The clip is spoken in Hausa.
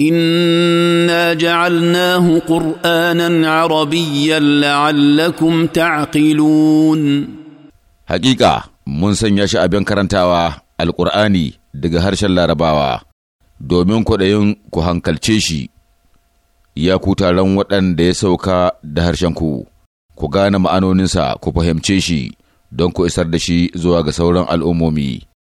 انا جعلناه قرانا عربيا لعلكم تعقلون حقيقه mun sanya shi abin karantawa alkur'ani daga harshen larabawa domin kwaɗayin ku hankalce shi ya ku taron waɗanda ya sauka da harshen ku ku gane ma'anoninsa ku fahimce shi don ku isar da shi zuwa ga sauran al'ummomi